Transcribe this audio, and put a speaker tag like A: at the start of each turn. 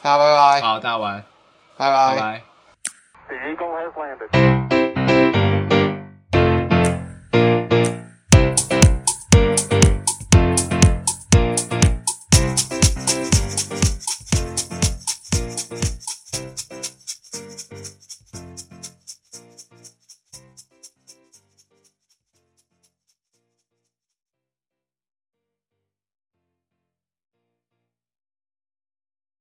A: 大家拜拜，好，大家晚安。拜拜，拜拜。